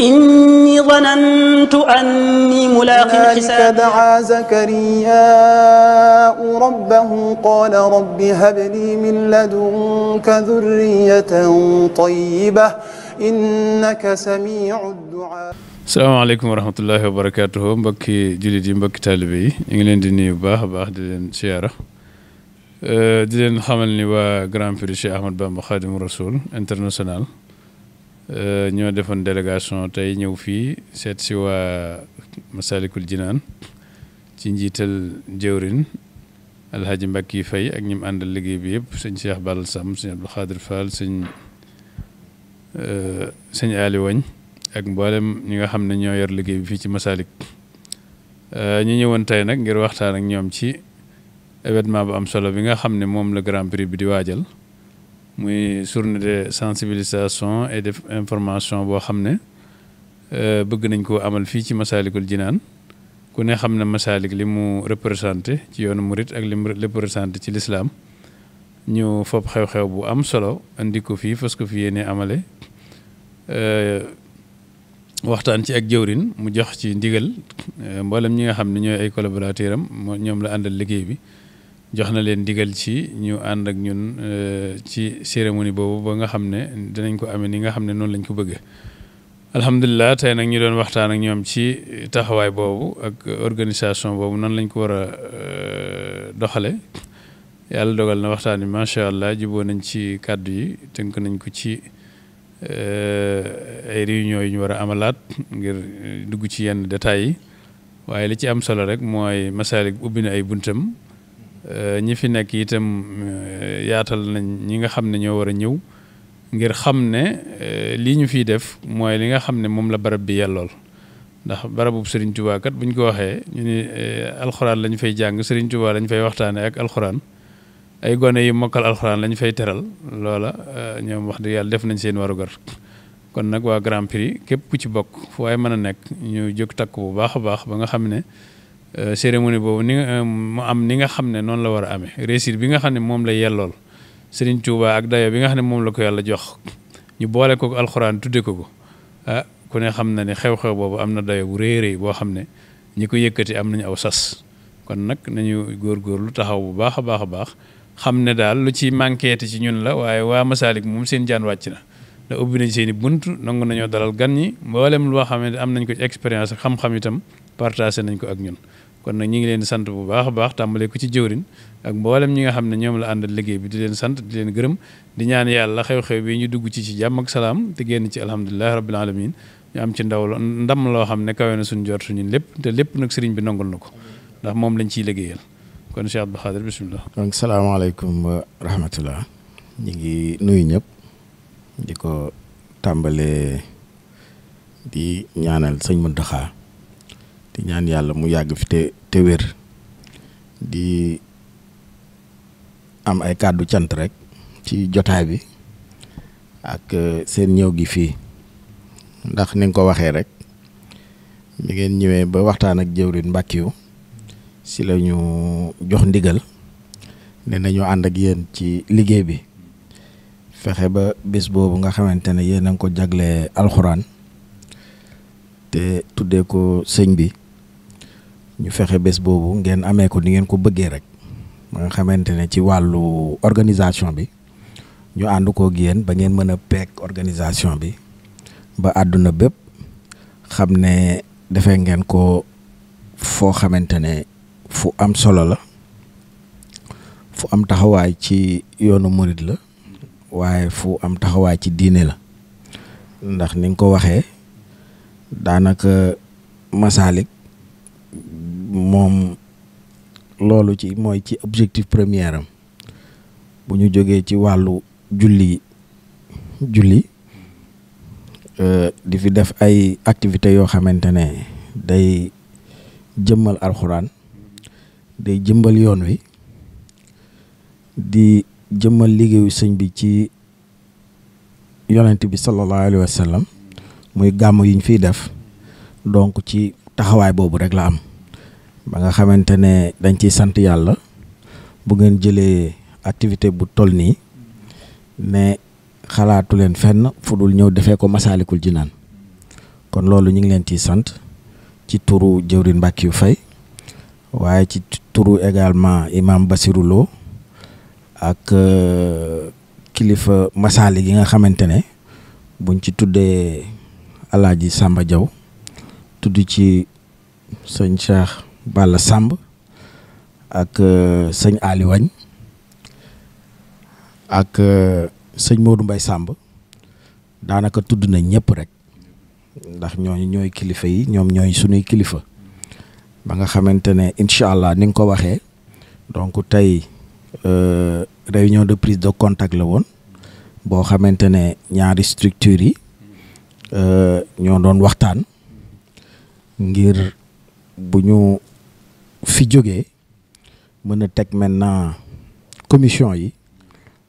إني ظننت أني ملاق حسابي دعا زكرياء ربه قال رب هب لي من لدنك ذرية طيبة إنك سميع الدعاء salaamaaleykum wa rahmatullahi wa barakaatuhu mbokki jullit yi mbokki taalibe yi ñu ngi leen di nuyu bu baax a baax di leen siyaara di leen xamal ni waa Grand Prix Cheikh Ahmad Bamba Xaadimu Rasul international Euh, ñoo defoon délégation tey ñëw fii seet si waa Masalikul Jinaan ci njiital jëwrin alhaaji Mbàkke Fay ak ñi mu àndal liggéey bi yëpp sëñ Cheikh Ball Sam sëñ Abdou Khadir Fall sëñ euh, sëñ Ali Wañ ak mboolem ñi nga xam ne ñoo yor liggéey bi fii ci Masalik euh, ñu ñëwoon tey nag ngir waxtaan ak ñoom ci événement bu am solo bi nga xam ne moom la Grand Prix bi di waajal muy journée de sensibilisation et de information boo xam ne euh, bëgg nañ koo amal fii ci Masaalikul Jinaan ku ne xam ne Masaalik li mu représenté ci yoonu murit ak li mu représenté ci lislaam ñu fopp xew-xew bu am solo indi ko fii fës ko fi yéene amale euh, waxtaan ci ak jëwrin mu jox ci ndigal euh, mboolem ñi nga xam ne ñooy ay collaborateur am ñoom la àndal liggéey bi jox na leen digal ci ñu ànd ak ñun euh, ci cérémonie boobu ba nga xam ne dinañ ko amee ni nga xam ne noonu lañ ko bëgg alhamdulilah tey nag ñu doon waxtaan ak ñoom ci taxawaay boobu ak organisation boobu nan lañ ko war a euh, doxale yàlla dogal na waxtaan wi macha allah juboo nañ ci kàddu yi tënk nañ ko ci euh, ay réunion yu ñu war a amalaat ngir dugg ci yenn détails yi waaye li ci am solo rek mooy Masalik ubbi na ay buntam Euh, ñi fi nekk itam euh, yaatal nañ ñi nga xam ne ñoo war a ñëw ngir xam ne euh, lii ñu fiy def mooy li nga xam ne moom la barab bi yellool ndax barabu Serigne Touba kat bu ñu ko waxee ñu ni alxuraan lañ fay jàng Serigne Touba lañ fay waxtaanee ak alxuraan ay gone yi mokkal alxuraan lañ fay teral loola ñoom wax dëgg yàlla def nañ seen warugar kon nag waa Grand Prix képp ku ci bokk fu waaye mën a nekk ñu jóg takk bu baax a baax ba nga xam ne. Euh, cérémonie boobu ni euh, mu am ni nga xam ne noonu la war a amee réussite bi nga xam ne moom la yellool Serigne Touba ak dayo bi nga xam ne moom la ko yàlla jox ñu boole ko alxuraan tudde ko ko ah ku ne xam na ne xew-xew boobu am na dayo bu rëy rëy boo xam ne ñi ko yëkkati am nañu aw sas kon nag nañu góor góor lu taxaw bu baax a baax a baax xam ne daal lu ci manquéte ci ñun la waaye waa Masaalik moom seen jaan wàcc na da ubbi nañ seeni bunt nongu nañoo dalal gan ñi mboolem loo xam am nañ ko expérience xam itam partagé nañ ko ak ñun kon nag ñu ngi leen di sant bu baax a baax tàmbalee ko ci jëwrin ak mboolem ñi nga xam ne ñoom la àndal liggéey bi di leen sant di leen gërëm di ñaan yàlla xew-xew bi ñu dugg ci ci jàmm ak salaam te génn ci alhamdulilahi rabbil alamin ñu am ci ndaw ndam loo xam ne kawe na suñu jot suñu lépp te lépp nag sëriñ bi nangul na ko ndax moom lañ ciy liggéeyal kon Cheikh Abdou Khadir bisimilah. donc salaamaaleykum wa rahmatullah ñu ngi nuyu ñëpp di ko tàmbale di ñaanal sëñ Mountakha di ñaan yàlla mu yàgg fi te te wér di am ay kàddu cant rek ci jotaay bi ak euh, seen ñëw gi fii ndax ni ko waxee rek mi ngeen ñëwee ba waxtaan ak jëwrin Mbackiou si lañu jox ndigal ne nañoo ànd ak yéen ci liggéey bi fexe ba bés boobu nga xamante ne yéen a ngi ko jagle alxuraan te tuddee ko sëñ bi ñu fexe bés boobu ngeen amee ko ni ngeen ko bëggee rek ba nga xamante ne ci wàllu organisation bi ñu ànd koog yéen ba ngeen mën a peeg organisation bi ba àdduna bépp xam ne defee ngeen ko foo xamante ne fu am solo la fu am taxawaay ci yoonu murit la waaye fu am taxawaay ci diine la ndax ni nga ko waxee daanaka masaalik moom loolu ci mooy ci objectif première am bu ñu jógee ci wàllu julli julli euh, di fi def ay activité yoo xamante ne day jëmmal alxuraan day jëmbal yoon wi di jëmmal liggéeyu sëñ bi ci yonent bi sallallahu alayhi wa muy gàmm yi ñu fiy def donc ci taxawaay boobu rek la am ba nga xamante ne dañ ciy sant yàlla bu ngeen jëlee activité bu toll nii mais xalaatu leen fenn fu dul ñëw defee ko masaalikul naan kon loolu ñu ngi leen ci sant ci turu jëwrin Mbackiou Faye waaye ci turu également imaam Basirou Lo ak euh, kilifa masaali yi nga xamante ne buñ ci tuddee alaaji Samba jaw tudd ci sëñ Cheikh Balla Samb ak euh, sëñ aliwañ Wañ ak euh, sëñ Modou Mbaye Samb daanaka tudd nañ ñëpp rek ndax ñooñu ñooy kilifa yi ñoom ñooy suñuy kilifa ba nga xamante ne incha allah ni nga ko waxee donc tey euh, réunion de prise de contact la woon boo xamante ne ñaari structures yi ñoo doon waxtaan ngir bu ñu fi jógee mën a teg maintenant commission yi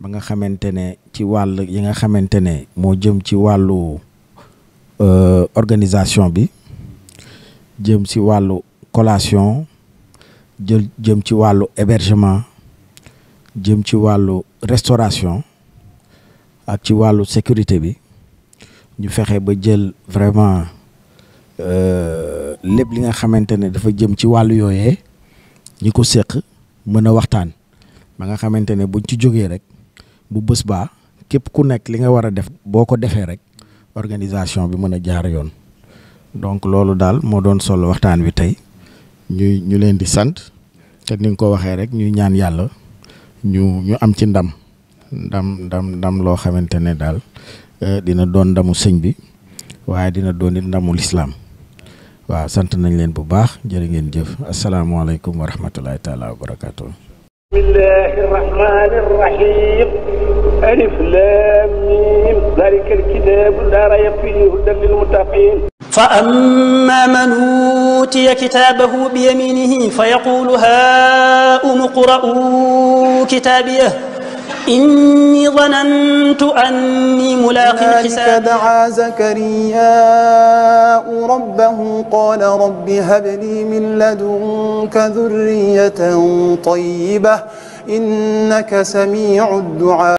ba nga xamante ne ci wàll yi nga xamante ne moo jëm ci wàllu euh, organisation bi jëm ci wàllu collation jël jëm ci wàllu hébergement jëm ci wàllu restauration ak ci wàllu sécurité bi ñu fexe ba jël vraiment. Euh, lépp li nga xamante ne dafa jëm ci wàllu yooyee ñi ko séq mën a waxtaan ba nga xamante ne buñ ci jógee rek bu bës baa képp ku nekk li nga war a def boo ko defee rek organisation bi mën a jaar yoon donc loolu daal moo doon solo waxtaan wi tey ñuy ñu leen di sant te ni nga ko waxee rek ñuy ñaan yàlla ñu ñu am ci ndam ndam ndam ndam loo xamante ne daal eh, dina doon ndamu sëñ bi waaye dina doon it ndamu lislaam waaw sant nañ leen bu baax jërë ngeen jëf asalaamaaleykum wa rahmatulahi taala wa barakaatu. bismillahi rahmani rahim alif lam mim dalika alkitabu la rayba fihi hudan lil muttaqin fa amma man utiya kitabahu bi yaminihi fa yaqulu ha umqra'u kitabiyah inni dhanantu ظننت أني ملاق حسابي دعا زكرياء ربه قال رب هب لي من لدنك ذرية طيبة إنك سميع الدعاء